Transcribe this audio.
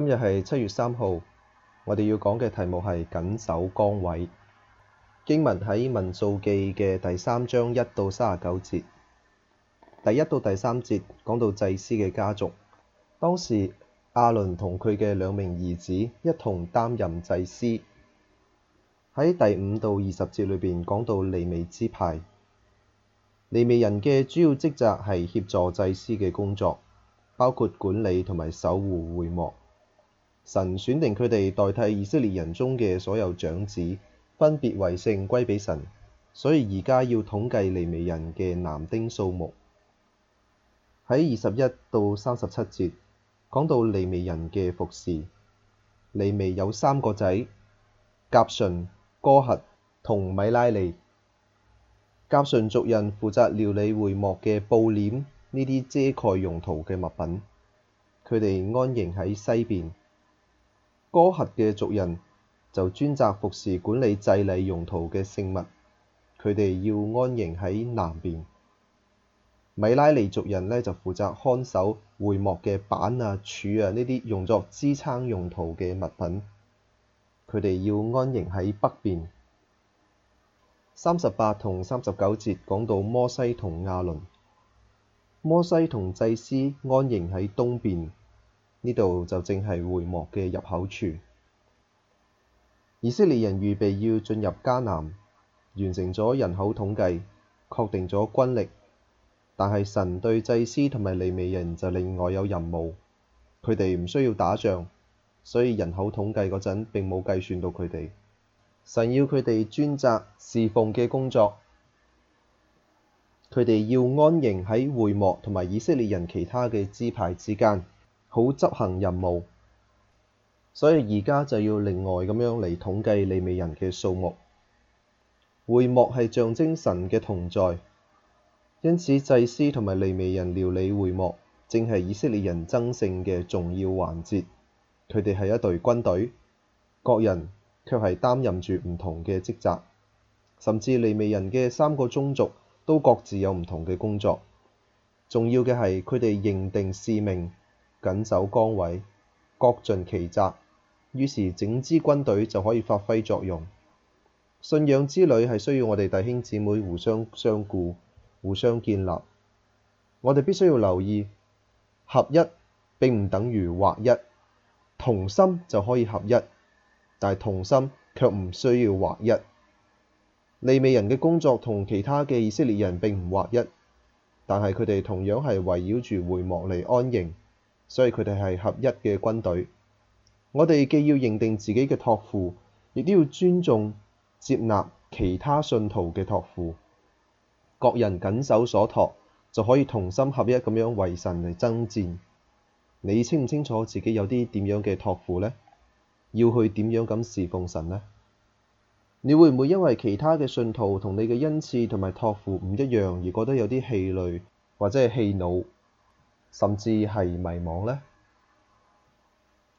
今日係七月三號，我哋要講嘅題目係謹守崗位。經文喺《民數記》嘅第三章一到三十九節，第一到第三節講到祭司嘅家族。當時亞倫同佢嘅兩名兒子一同擔任祭司。喺第五到二十節裏邊講到利未支派。利未人嘅主要職責係協助祭司嘅工作，包括管理同埋守護會幕。神選定佢哋代替以色列人中嘅所有長子，分別為聖歸俾神。所以而家要統計利未人嘅男丁數目。喺二十一到三十七節講到利未人嘅服侍，利未有三個仔：革順哥轄同米拉利。革順族人負責料理會幕嘅布簾呢啲遮蓋用途嘅物品。佢哋安營喺西邊。哥轄嘅族人就專責服侍管理祭禮用途嘅聖物，佢哋要安營喺南邊。米拉利族人呢就負責看守會幕嘅板啊柱啊呢啲用作支撐用途嘅物品，佢哋要安營喺北邊。三十八同三十九節講到摩西同亞倫，摩西同祭司安營喺東邊。呢度就正係會幕嘅入口處。以色列人預備要進入迦南，完成咗人口統計，確定咗軍力。但係神對祭司同埋利未人就另外有任務，佢哋唔需要打仗，所以人口統計嗰陣並冇計算到佢哋。神要佢哋專責侍奉嘅工作，佢哋要安營喺會幕同埋以色列人其他嘅支派之間。好執行任務，所以而家就要另外咁樣嚟統計利未人嘅數目。會幕係象徵神嘅同在，因此祭司同埋利未人料理會幕，正係以色列人爭勝嘅重要環節。佢哋係一隊軍隊，各人卻係擔任住唔同嘅職責，甚至利未人嘅三個宗族都各自有唔同嘅工作。重要嘅係佢哋認定使命。謹守崗位，各盡其責，於是整支軍隊就可以發揮作用。信仰之旅係需要我哋弟兄姊妹互相相顧、互相建立。我哋必須要留意，合一並唔等於劃一，同心就可以合一，但係同心卻唔需要劃一。利未人嘅工作同其他嘅以色列人並唔劃一，但係佢哋同樣係圍繞住會幕嚟安營，所以佢哋係合一嘅軍隊。我哋既要認定自己嘅託付，亦都要尊重、接納其他信徒嘅託付。各人謹守所託，就可以同心合一咁樣為神嚟爭戰。你清唔清楚自己有啲點樣嘅託付呢？要去點樣咁侍奉神呢？你會唔會因為其他嘅信徒同你嘅恩賜同埋託付唔一樣，而覺得有啲氣餒，或者係氣惱？甚至係迷茫咧？